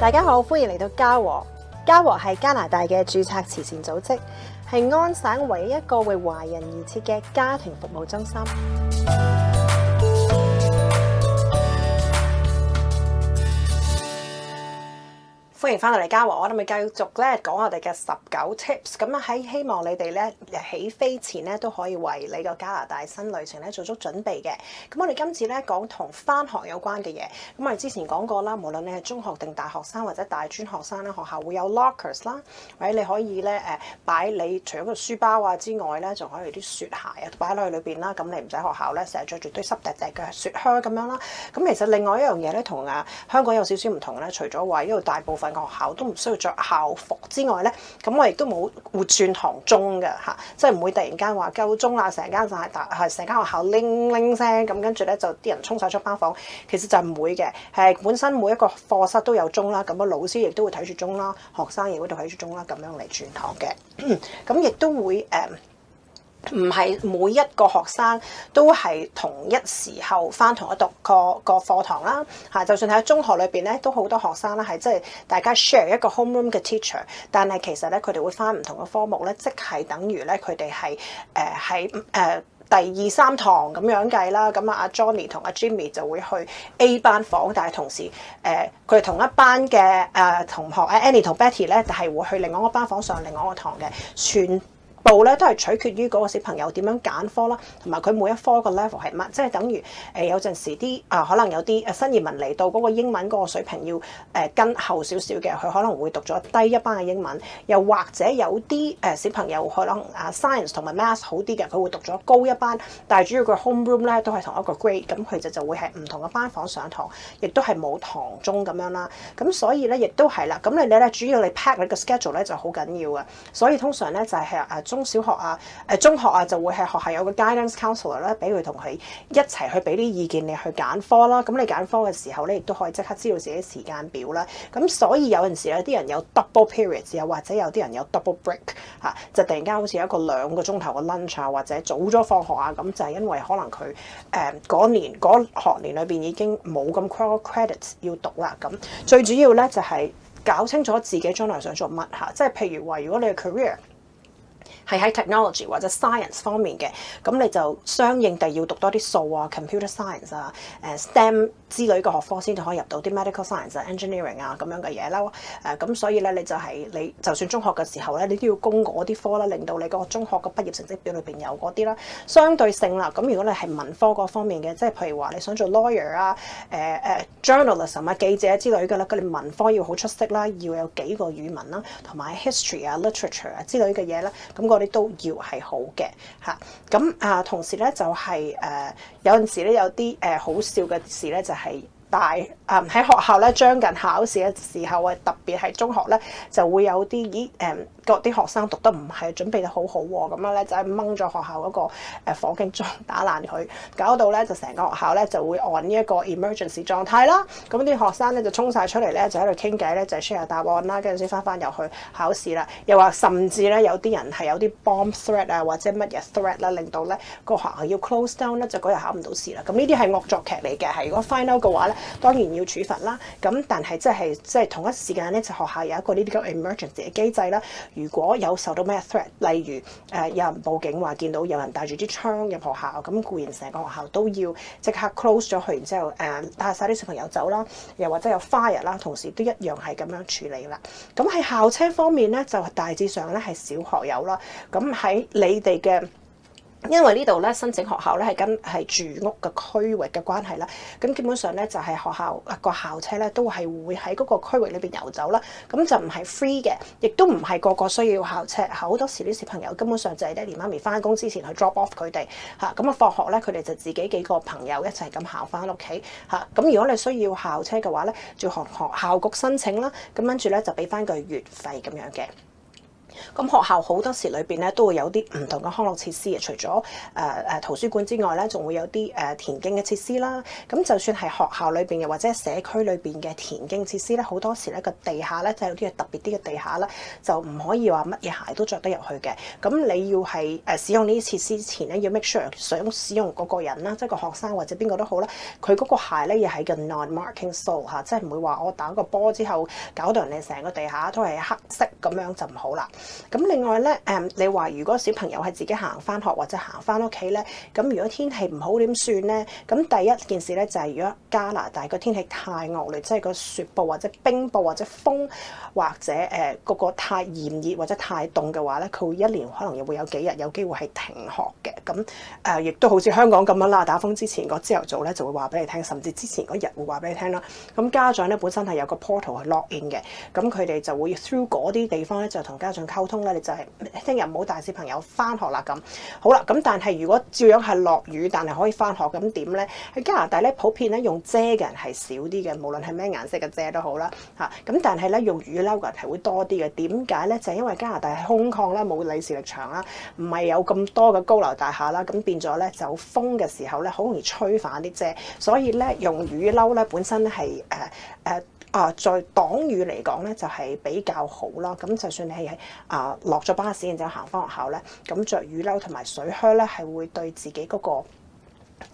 大家好，歡迎嚟到家和。家和係加拿大嘅註冊慈善組織，係安省唯一一個為華人而設嘅家庭服務中心。歡迎翻到嚟家和，我哋咪繼續咧講我哋嘅十九 tips。咁啊喺希望你哋咧起飛前咧都可以為你個加拿大新旅程咧做足準備嘅。咁我哋今次咧講同翻學有關嘅嘢。咁我哋之前講過啦，無論你係中學定大學生或者大專學生咧，學校會有 lockers 啦，或者你可以咧誒擺你除咗個書包啊之外咧，仲可以啲雪鞋啊擺落去裏邊啦。咁你唔使學校咧成日著住對濕揼揼嘅雪靴咁樣啦。咁其實另外一樣嘢咧同啊香港有少少唔同咧，除咗話因為大部分。學校都唔需要着校服之外咧，咁我亦都冇會轉堂鐘嘅吓，即係唔會突然間話夠鐘啦，成間晒大係成間學校拎拎聲咁，跟住咧就啲人衝晒出班房，其實就唔會嘅，係本身每一個課室都有鐘啦，咁啊老師亦都會睇住鐘啦，學生亦都會睇住鐘啦，咁樣嚟轉堂嘅，咁亦都會誒。呃唔係每一個學生都係同一時候返同一讀個個課堂啦吓，就算喺中學裏面咧，都好多學生咧係即係大家 share 一個 homeroom 嘅 teacher，但係其實咧佢哋會返唔同嘅科目咧，即係等於咧佢哋係誒喺誒第二三堂咁樣計啦。咁啊阿 Johnny 同阿 Jimmy 就會去 A 班房，但係同時誒佢哋同一班嘅、呃、同學 Annie 同 Betty 咧就係、是、會去另外一個班房上另外一個堂嘅，算。部咧都係取決於嗰個小朋友點樣揀科啦，同埋佢每一科個 level 係乜，即係等於誒、呃、有陣時啲啊可能有啲誒新移民嚟到嗰、那個英文嗰個水平要誒、呃、跟後少少嘅，佢可能會讀咗低一班嘅英文，又或者有啲誒、呃、小朋友可能啊 science 同埋 math 好啲嘅，佢會讀咗高一班，但係主要個 homeroom 咧都係同一個 grade，咁佢就就會喺唔同嘅班房上堂，亦都係冇堂中咁樣啦，咁所以咧亦都係啦，咁你你咧主要你 pack 你個 schedule 咧就好緊要嘅，所以通常咧就係、是、啊。中小學啊，誒中學啊，就會係學校有個 guidance counselor 啦，俾佢同佢一齊去俾啲意見，你去揀科啦。咁你揀科嘅時候咧，亦都可以即刻知道自己時間表啦。咁所以有陣時呢啲人有 double periods 啊，或者有啲人有 double break 嚇，就突然間好似有一個兩個鐘頭嘅 lunch 啊，或者早咗放學啊，咁就係因為可能佢嗰、呃、年嗰學年裏面已經冇咁 core credits 要讀啦。咁最主要咧就係搞清楚自己將來想做乜嚇，即係譬如話，如果你嘅 career。係喺 technology 或者 science 方面嘅，咁你就相應地要讀多啲數啊、computer science 啊、啊啊 STEM 之類嘅學科先至可以入到啲 medical science、啊、engineering 啊咁樣嘅嘢啦。誒、啊、咁所以咧，你就係、是、你就算中學嘅時候咧，你都要攻嗰啲科啦，令到你個中學嘅畢業成績表裏邊有嗰啲啦。相對性啦，咁如果你係文科嗰方面嘅，即係譬如話你想做 lawyer 啊、啊啊、journalism 啊、記者之類嘅咧，咁你文科要好出色啦，要有幾個語文啦，同埋 history 啊、literature 啊之類嘅嘢啦。咁、那個都要係好嘅吓。咁啊，同時咧就係呃、有陣時咧，有啲誒、呃、好笑嘅事咧就係、是、大啊喺、呃、學校咧，將近考試嘅時候啊，特別係中學咧就會有啲咦、呃啲學生讀得唔係準備得好好喎，咁樣咧就係掹咗學校嗰個、呃、火警鐘打爛佢，搞到咧就成個學校咧就會按呢一個 emergency 狀態啦。咁啲學生咧就衝晒出嚟咧就喺度傾偈咧就 share 答案啦，跟住先翻返入去考試啦。又話甚至咧有啲人係有啲 bomb threat 啊或者乜嘢 threat 啦，令到咧個學校要 close down 咧就嗰日考唔到試啦。咁呢啲係惡作劇嚟嘅，係如果 find out 嘅話咧，當然要處罰啦。咁但係即係即係同一時間咧就學校有一個呢啲咁 emergency 嘅機制啦。如果有受到咩 threat，例如誒有人報警話見到有人帶住啲槍入學校，咁固然成個學校都要即刻 close 咗去，然之後誒帶晒啲小朋友走啦，又或者有 fire 啦，同時都一樣係咁樣處理啦。咁喺校車方面咧，就大致上咧係小學友啦。咁喺你哋嘅。因為呢度咧申請學校咧係跟係住屋嘅區域嘅關係啦，咁基本上咧就係學校個校車咧都係會喺嗰個區域裏面遊走啦，咁就唔係 free 嘅，亦都唔係個個需要校車，好多時啲小朋友根本上就係爹哋媽咪翻工之前去 drop off 佢哋，咁啊放學咧佢哋就自己幾個朋友一齊咁行翻屋企，咁如果你需要校車嘅話咧，就要學校局申請啦，咁跟住咧就俾翻個月費咁樣嘅。咁學校好多時裏面咧都會有啲唔同嘅康樂設施嘅，除咗誒誒圖書館之外咧，仲會有啲誒田徑嘅設施啦。咁就算係學校裏面，又或者社區裏面嘅田徑設施咧，好多時咧個地下咧就有啲特別啲嘅地下啦就唔可以話乜嘢鞋都着得入去嘅。咁你要係使用呢啲設施之前咧，要 make sure 想使用嗰個人啦，即係個學生或者邊個都好啦，佢嗰個鞋咧又係個 non-marking sole 即係唔會話我打個波之後搞到人哋成個地下都係黑色咁樣就唔好啦。咁另外咧，誒你話如果小朋友係自己行翻學或者行翻屋企咧，咁如果天氣唔好點算咧？咁第一件事咧就係、是、如果加拿大個天氣太惡劣，即係個雪暴或者冰暴或者風或者誒個個太炎熱或者太凍嘅話咧，佢會一年可能又會有幾日有機會係停學嘅。咁誒亦都好似香港咁樣啦，打風之前、那個朝頭早咧就會話俾你聽，甚至之前嗰日會話俾你聽啦。咁家長咧本身係有個 portal 去 log in 嘅，咁佢哋就會 through 嗰啲地方咧就同家長溝通咧，你就係聽日唔好帶小朋友翻學啦咁。好啦，咁但係如果照樣係落雨，但係可以翻學咁點咧？喺加拿大咧，普遍咧用遮嘅人係少啲嘅，無論係咩顏色嘅遮都好啦。嚇，咁但係咧用雨褸嘅人係會多啲嘅。點解咧？就係、是、因為加拿大係空曠啦，冇利是力牆啦，唔係有咁多嘅高樓大廈啦。咁變咗咧，就風嘅時候咧，好容易吹翻啲遮。所以咧，用雨褸咧，本身咧係誒啊，在擋雨嚟講咧，就係、是、比較好啦。咁就算你係啊落咗巴士，然之後行返學校咧，咁着雨褸同埋水靴咧，係會對自己嗰、那個誒誒、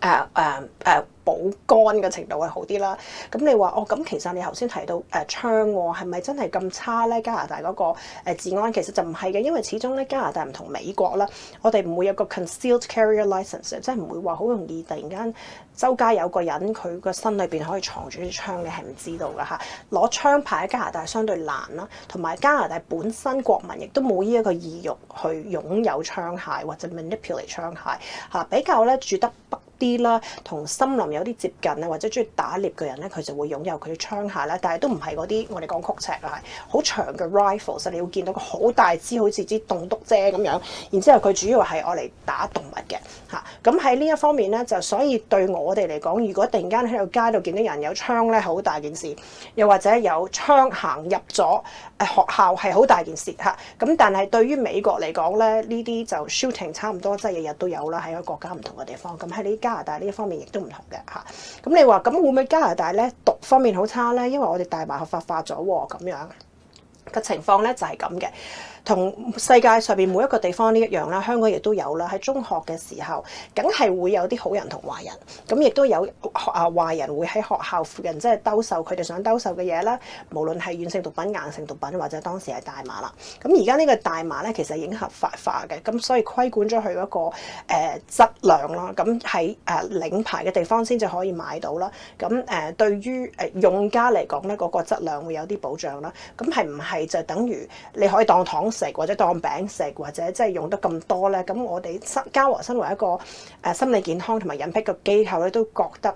呃呃呃保肝嘅程度會好啲啦。咁你話哦，咁其實你頭先提到誒槍係咪真係咁差咧？加拿大嗰個誒治安其實就唔係嘅，因為始終咧加拿大唔同美國啦，我哋唔會有個 concealed carrier license 即係唔會話好容易突然間周街有個人佢個心裏邊可以藏住支槍嘅係唔知道㗎吓，攞、啊、槍牌喺加拿大相對難啦，同、啊、埋加拿大本身國民亦都冇呢一個意欲去擁有槍械或者 manipulate 槍械吓、啊、比較咧住得北啲啦，同森林。有啲接近啊，或者中意打獵嘅人咧，佢就會擁有佢嘅槍下啦。但係都唔係嗰啲我哋講曲尺，啊，係好長嘅 rifles，你會見到個好大支，好似支棟篤遮咁樣。然之後佢主要係攞嚟打動物嘅嚇。咁喺呢一方面咧，就所以對我哋嚟講，如果突然間喺度街度見到人有槍咧，好大件事。又或者有槍行入咗誒學校，係好大件事嚇。咁但係對於美國嚟講咧，呢啲就 shooting 差唔多即係日日都有啦，喺個國家唔同嘅地方。咁喺呢加拿大呢一方面亦都唔同嘅。嚇！咁你話咁會唔會加拿大咧毒方面好差咧？因為我哋大麻合法化咗喎，咁樣。嘅情況咧就係咁嘅，同世界上邊每一個地方呢一樣啦。香港亦都有啦，喺中學嘅時候，梗係會有啲好人同壞人，咁亦都有啊壞人會喺學校附近即係兜售佢哋想兜售嘅嘢啦。無論係軟性毒品、硬性毒品或者當時係大麻啦。咁而家呢個大麻咧其實已經合法化嘅，咁所以規管咗佢嗰個誒質量啦。咁喺誒領牌嘅地方先至可以買到啦。咁誒對於誒用家嚟講咧，嗰個質量會有啲保障啦。咁係唔係？就等於你可以當糖食或者當餅食或者即係用得咁多咧，咁我哋身家和身為一個誒心理健康同埋隱蔽嘅機構咧，都覺得。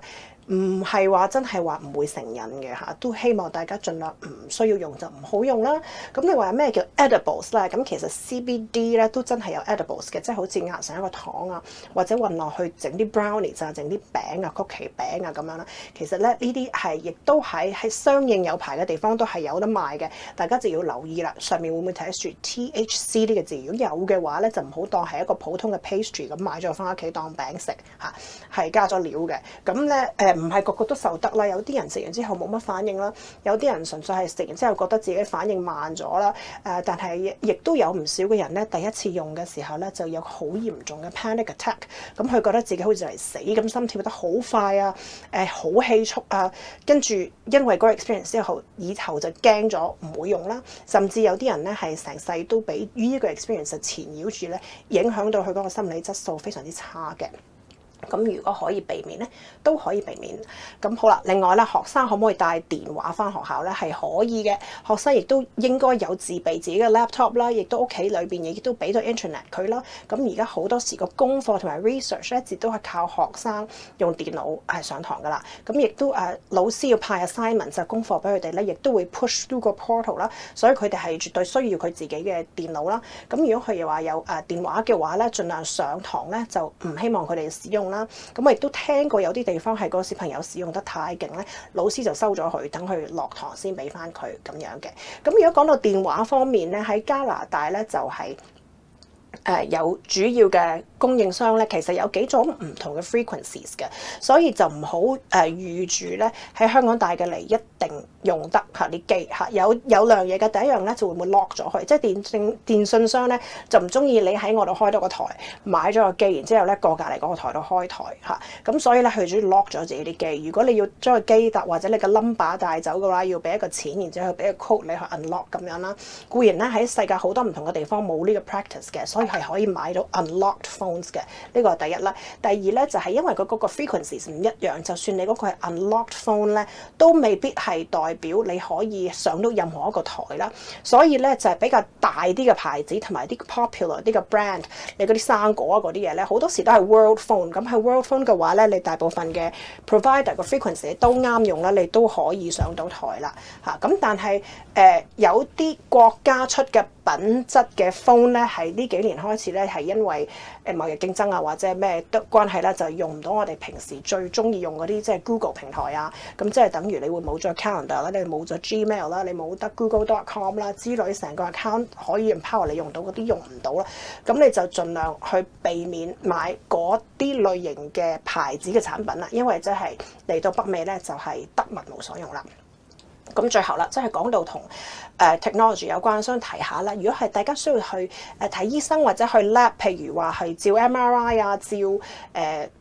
唔係話真係話唔會成癮嘅嚇，都希望大家儘量唔需要用就唔好用啦。咁你話咩叫 edibles 咧？咁其實 CBD 咧都真係有 edibles 嘅，即係好似壓成一個糖啊，或者混落去整啲 brownies 啊、整啲餅啊、曲奇餅啊咁樣啦。其實咧呢啲係亦都喺相應有牌嘅地方都係有得賣嘅。大家就要留意啦，上面會唔會寫住 THC 呢個字？如果有嘅話咧，就唔好當係一個普通嘅 pastry 咁買咗翻屋企當餅食嚇，係加咗料嘅。咁咧誒。呃唔係個個都受得啦，有啲人食完之後冇乜反應啦，有啲人純粹係食完之後覺得自己的反應慢咗啦，誒，但係亦都有唔少嘅人咧，第一次用嘅時候咧就有好嚴重嘅 panic attack，咁佢覺得自己好似嚟死，咁心跳得好快啊，誒，好氣促啊，跟住因為嗰個 experience 之後，以後就驚咗，唔會用啦，甚至有啲人咧係成世都俾呢個 experience 實纏繞住咧，影響到佢嗰個心理質素非常之差嘅。咁如果可以避免咧，都可以避免。咁好啦，另外咧，學生可唔可以帶電話翻學校咧？係可以嘅。學生亦都應該有自備自己嘅 laptop 啦，亦都屋企裏邊亦都俾到 internet 佢啦。咁而家好多時個功課同埋 research 咧亦都係靠學生用電腦係上堂噶啦。咁亦都誒、啊、老師要派 assignment 就功課俾佢哋咧，亦都會 push through 個 portal 啦。所以佢哋係絕對需要佢自己嘅電腦啦。咁如果佢哋話有誒電話嘅話咧，盡量上堂咧就唔希望佢哋使用。啦，咁我亦都聽過有啲地方係個小朋友使用得太勁咧，老師就收咗佢，等佢落堂先俾翻佢咁樣嘅。咁如果講到電話方面咧，喺加拿大咧就係、是、誒有主要嘅供應商咧，其實有幾種唔同嘅 frequencies 嘅，所以就唔好誒預住咧喺香港大嘅利益。定用得嚇啲機嚇，有有兩樣嘢嘅，第一樣咧就會唔會 lock 咗佢，即係電，電信電信商咧就唔中意你喺我度開多個台，買咗個機，然之後咧過隔離嗰個台度開台嚇，咁、啊、所以咧佢主要 lock 咗自己啲機。如果你要將個機搭或者你個 number 帶走嘅話，要俾一個錢，然之後俾個 code 你去 unlock 咁樣啦。固然咧喺世界好多唔同嘅地方冇呢個 practice 嘅，所以係可以買到 unlocked phones 嘅。呢、這個第一啦，第二咧就係、是、因為佢嗰個 frequencies 唔一樣，就算你嗰個係 unlocked phone 咧，都未必係。係代表你可以上到任何一個台啦，所以咧就係比較大啲嘅牌子同埋啲 popular 啲嘅 brand，你嗰啲生果啊嗰啲嘢咧，好多時都係 World Phone。咁係 World Phone 嘅話咧，你大部分嘅 provider 個 frequency 都啱用啦，你都可以上到台啦嚇。咁但係誒、呃、有啲國家出嘅品質嘅 phone 咧，喺呢幾年開始咧，係因為誒貿易競爭啊，或者咩關係咧，就用唔到我哋平時最鍾意用嗰啲即係 Google 平台啊，咁即係等於你會冇咗 Calendar 啦，你冇咗 Gmail 啦，你冇得 Google.com 啦之類，成個 account 可以用 power，你用到嗰啲用唔到啦，咁你就盡量去避免買嗰啲類型嘅牌子嘅產品啦，因為即係嚟到北美咧就係得物無所用啦。咁最後啦，即係講到同誒 technology 有關，想提下咧。如果係大家需要去誒睇醫生或者去 lab，譬如話係照 MRI 啊、照誒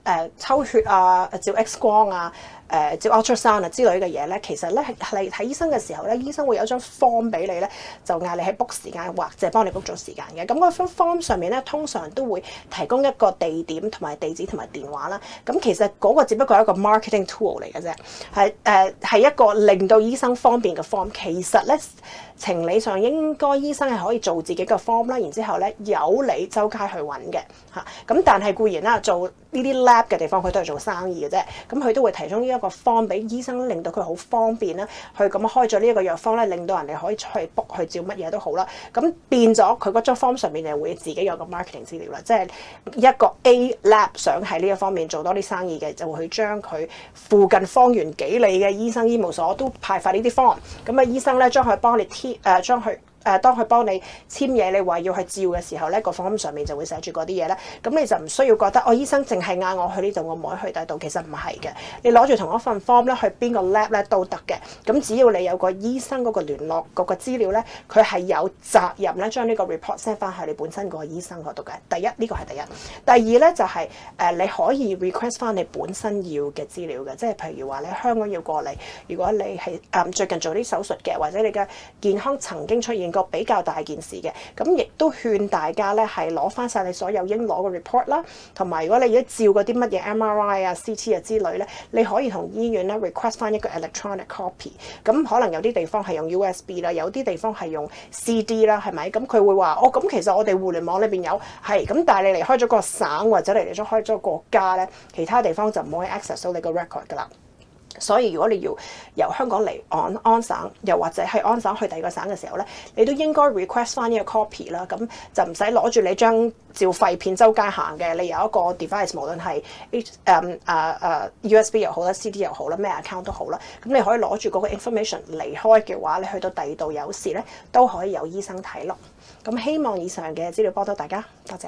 誒抽血啊、照 X 光啊、誒、呃、照 ultrasound 啊之類嘅嘢咧，其實咧係係睇醫生嘅時候咧，醫生會有張 form 俾你咧，就嗌你喺 book 時間或者幫你 book 咗時間嘅。咁、嗰個 form 上面咧，通常都會提供一個地點同埋地址同埋電話啦。咁其實嗰個只不過係一個 marketing tool 嚟嘅啫，係誒係一個令到醫生。方便嘅方，其實咧。情理上應該醫生係可以做自己嘅 form 啦，然之後咧由你周街去揾嘅嚇。咁但係固然啦，做呢啲 lab 嘅地方佢都係做生意嘅啫。咁佢都會提供呢一個 form 俾醫生，令到佢好方便啦，去咁開咗呢一個藥方咧，令到人哋可以去 book 去照乜嘢都好啦。咁變咗佢嗰張 form 上面就會自己有一個 marketing 資料啦，即係一個 A lab 想喺呢一方面做多啲生意嘅，就會去將佢附近方圓幾里嘅醫生醫務所都派發呢啲 form。咁啊醫生咧將佢幫你誒、啊、將佢。誒，當佢幫你簽嘢，你話要去照嘅時候咧，呢個 form 上面就會寫住嗰啲嘢咧。咁你就唔需要覺得，我、哦、醫生淨係嗌我去呢度，我唔可以去第度，其實唔係嘅。你攞住同一份 form 咧，去邊個 lab 咧都得嘅。咁只要你有個醫生嗰、嗰個聯絡嗰個資料咧，佢係有責任咧將呢個 report send 翻去你本身個醫生嗰度嘅。第一呢個係第一。第二咧就係誒，你可以 request 翻你本身要嘅資料嘅，即係譬如話你香港要過嚟，如果你係誒最近做啲手術嘅，或者你嘅健康曾經出現，一個比較大件事嘅，咁亦都勸大家咧係攞翻晒你所有應攞嘅 report 啦，同埋如果你而家照嗰啲乜嘢 MRI 啊、CT 啊之類咧，你可以同醫院咧 request 翻一個 electronic copy。咁可能有啲地方係用 USB 啦，有啲地方係用 CD 啦，係咪？咁佢會話哦，咁其實我哋互聯網裏邊有係，咁但係你離開咗個省或者你離開咗個國家咧，其他地方就唔可以 access 到你個 record 噶啦。所以如果你要由香港嚟安安省，又或者喺安省去第二個省嘅時候咧，你都應該 request 翻呢個 copy 啦。咁就唔使攞住你張照肺片周街行嘅。你有一個 device，無論係 USB 又好啦、CD 又好啦、咩 account 都好啦，咁你可以攞住嗰個 information 離開嘅話，你去到第二度有事咧，都可以有醫生睇咯。咁希望以上嘅資料幫到大家，多謝。